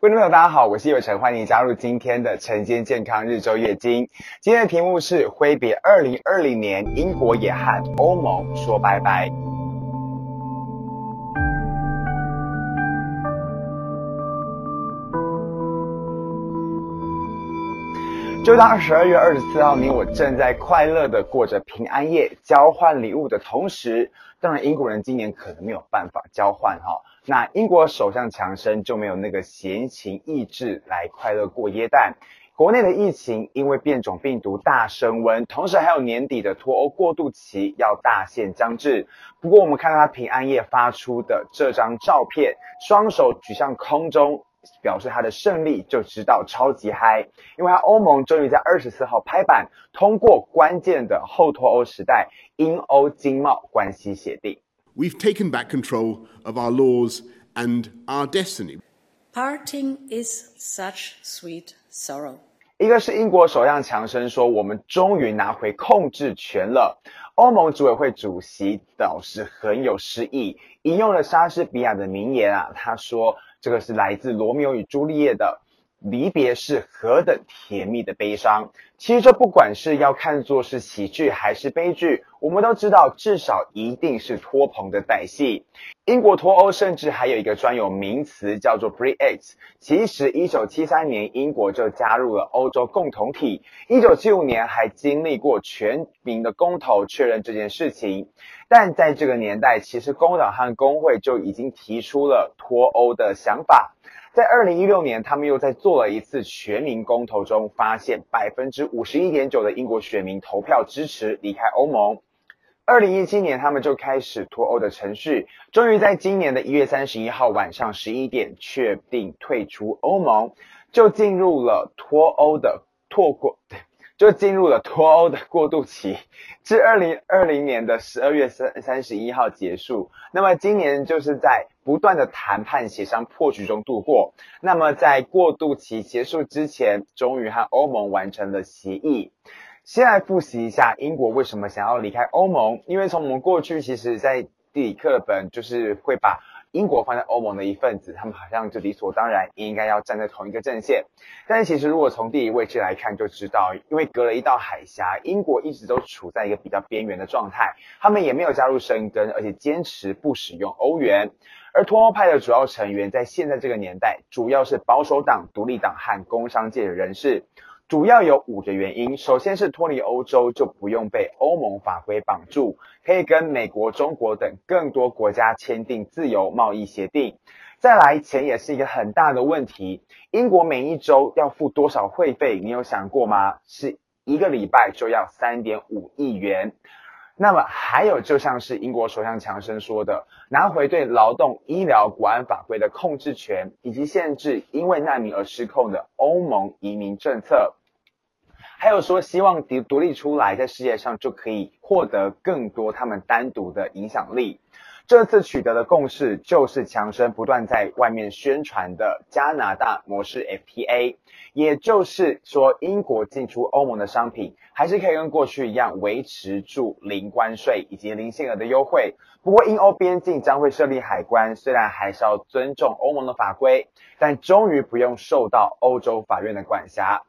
觀眾朋友，大家好，我是尤晨，歡迎加入今天的晨間健康日周月經。今天的題目是揮別二零二零年，英國也和歐盟說拜拜。就當十二月二十四號，你我正在快樂的過着平安夜，交換禮物的同時，當然英國人今年可能沒有辦法交換哈、哦。那英國首相強生就沒有那個閒情逸致來快樂過耶誕。國內的疫情因為變種病毒大升溫，同時還有年底的脫歐過渡期要大限將至。不過我們看到他平安夜發出的這張照片，雙手舉向空中。表示他的勝利就知道超級嗨，因為他歐盟終於在二十四號拍板通過關鍵的後脫歐時代英歐經貿關係協定。We've taken back control of our laws and our destiny. Parting is such sweet sorrow. 一個是英國首相強生說，我們終於拿回控制權了。歐盟執委會主席倒是很有詩意，引用了莎士比亞的名言啊，他說。這個是來自《羅密歐與朱麗葉》的。離別是何等甜蜜的悲傷。其實這不管是要看作是喜劇還是悲劇，我們都知道，至少一定是拖棚的歹戲。英國脫歐甚至還有一個專有名詞叫做 “Brexit”。其實，一九七三年英國就加入了歐洲共同體，一九七五年還經歷過全民的公投確認這件事情。但在這個年代，其實工黨和工會就已經提出了脫歐的想法。在二零一六年，他們又在做了一次全民公投中，發現百分之五十一點九的英國選民投票支持離開歐盟。二零一七年，他們就開始脫歐的程序，終於在今年的一月三十一號晚上十一點，確定退出歐盟，就進入了脫歐的拓。過就進入了脫歐的過渡期，至二零二零年的十二月三三十一號結束。那麼今年就是在不斷的談判協商破局中度過。那麼在過渡期結束之前，終於和歐盟完成了協議。先來複習一下英國為什麼想要離開歐盟？因為從我們過去其實，在地理課本就是會把英國放在歐盟的一份子，他們好像就理所當然應該要站在同一個陣線。但其實如果從地理位置來看，就知道，因為隔了一道海峽，英國一直都處在一個比較邊緣的狀態。他們也沒有加入申根，而且堅持不使用歐元。而脫歐派的主要成員，在現在這個年代，主要是保守黨、獨立黨和工商界的人士。主要有五個原因，首先是脫離歐洲就不用被歐盟法規綁住，可以跟美國、中國等更多國家簽訂自由貿易協定。再來，錢也是一個很大的問題，英國每一周要付多少會費？你有想過嗎？是一個禮拜就要三點五億元。那麼還有，就像是英國首相強生說的，拿回對勞動、醫療、國安法規的控制權，以及限制因為難民而失控的歐盟移民政策。還有說希望獨立出來，在世界上就可以獲得更多他們單獨的影響力。這次取得的共識就是，強生不斷在外面宣傳的加拿大模式 FTA，也就是說，英國進出歐盟的商品還是可以跟過去一樣維持住零關稅以及零限額的優惠。不過，英歐邊境將會設立海關，雖然還是要尊重歐盟的法規，但終於不用受到歐洲法院的管轄。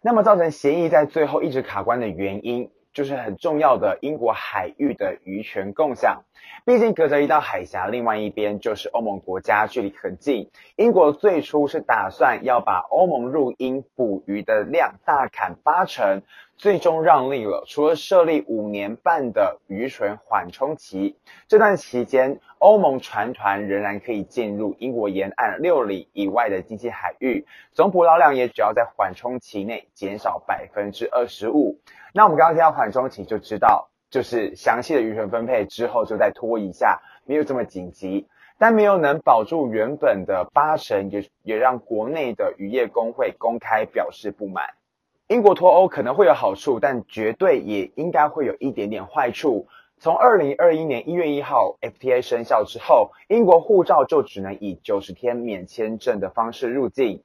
那麼造成協議在最後一直卡關的原因，就是很重要的英國海域的漁權共享。畢竟隔着一道海峽，另外一邊就是歐盟國家，距離很近。英國最初是打算要把歐盟入英捕魚的量大砍八成。最終讓利了，除了設立五年半的漁船緩衝期，這段期間，歐盟船團仍然可以進入英國沿岸六里以外的經濟海域，總捕撈量也只要在緩衝期內減少百分之二十五。那我們剛剛提到緩衝期就知道，就是詳細的漁船分配之後就再拖一下，沒有這麼緊急，但沒有能保住原本的八成，也也讓國內的漁業工會公開表示不滿。英國脫歐可能會有好處，但絕對也應該會有一點點壞處。從二零二一年一月一號 FTA 生效之後，英國護照就只能以九十天免簽證的方式入境，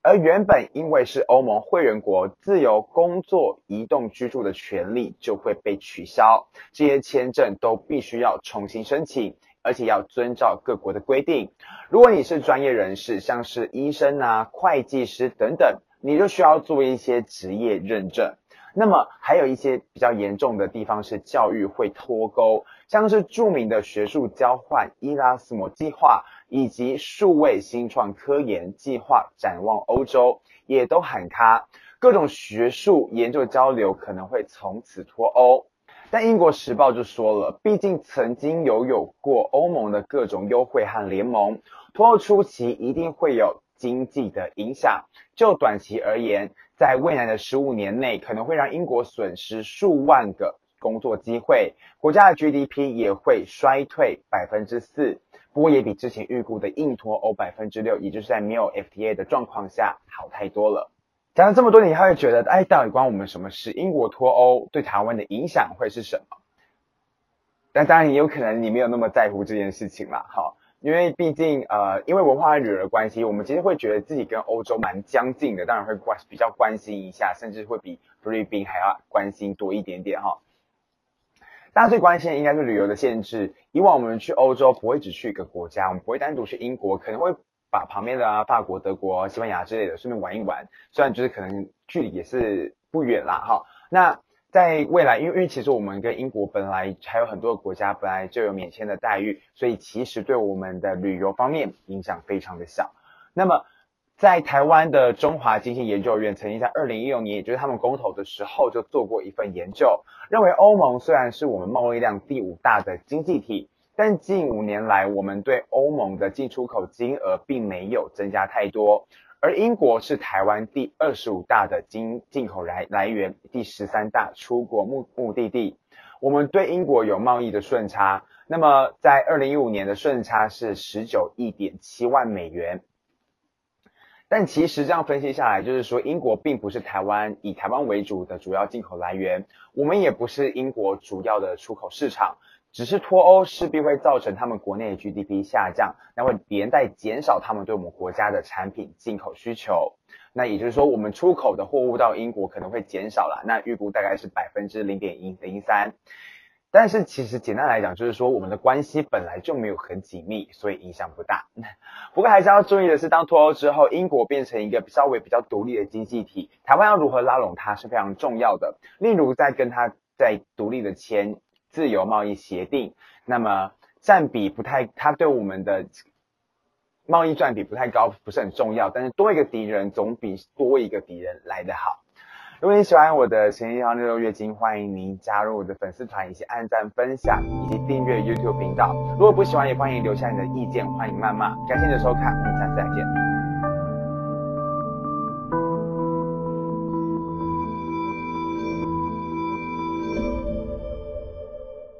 而原本因為是歐盟會員國，自由工作、移動、居住的權利就會被取消。這些簽證都必須要重新申請，而且要遵照各國的規定。如果你是專業人士，像是醫生啊、會計師等等。你就需要做一些職業認證。那麼還有一些比較嚴重的地方是教育會脫鈎，像是著名的學術交換伊拉斯謨計劃，以及數位新創科研計劃展望歐洲也都喊卡，各種學術研究交流可能會從此脫歐。但英國時報就說了，畢竟曾經有有過歐盟的各種優惠和聯盟，脫歐初期一定會有經濟的影響，就短期而言，在未來的十五年內，可能會讓英國損失數萬個工作機會，國家的 GDP 也會衰退百分之四。不過也比之前預估的硬脫歐百分之六，也就是在沒有 FTA 的狀況下好太多了。講了這麼多年，你會覺得，哎，到底關我們什麼事？英國脫歐對台灣的影響會是什麼？但當然也有可能你沒有那麼在乎這件事情嘛，哈。因為畢竟，呃，因為文化和旅遊的關係，我們其實會覺得自己跟歐洲蠻相近的，當然會關比較關心一下，甚至會比菲律賓還要關心多一點點哈。大家最關心的應該是旅遊的限制。以往我們去歐洲不會只去一個國家，我們不會單獨去英國，可能會把旁邊的啊，法國、德國、西班牙之類的順便玩一玩，雖然就是可能距離也是不遠啦哈。那在未來，因為因為其實我們跟英國本來還有很多國家本來就有免簽的待遇，所以其實對我們的旅遊方面影響非常的小。那麼，在台灣的中華經濟研究院曾經在二零一六年，也就是他們公投的時候就做過一份研究，認為歐盟雖然是我們貿易量第五大的經濟體，但近五年來我們對歐盟的進出口金額並沒有增加太多。而英國是台灣第二十五大的進進口來來源，第十三大出國目目的地。我們對英國有貿易的順差，那麼在二零一五年的順差是十九億點七萬美元。但其實這樣分析下來，就是說，英國並不是台灣以台灣為主的主要進口來源，我們也不是英國主要的出口市場，只是脫歐勢必會造成他們國內的 GDP 下降，那會連帶減少他們對我們國家的產品進口需求，那也就是說我們出口的貨物到英國可能會減少了，那預估大概是百分之零點一零三。但是其實簡單來講，就是說我們的關係本來就沒有很緊密，所以影響不大。 不過還是要注意的是，當脫歐之後，英國變成一個稍微比較獨立的經濟體，台灣要如何拉攏它是非常重要的。例如在跟他在獨立的簽自由貿易協定，那麼佔比不太，他對我們的貿易佔比不太高，不是很重要。但是多一個敵人總比多一個敵人來得好。如果你喜歡我的《鹹魚六六月經》，歡迎您加入我的粉絲團，以及按讚、分享，以及訂閱 YouTube 頻道。如果不喜歡，也歡迎留下你的意見，歡迎謾罵。感謝你的收看，我們下次再見。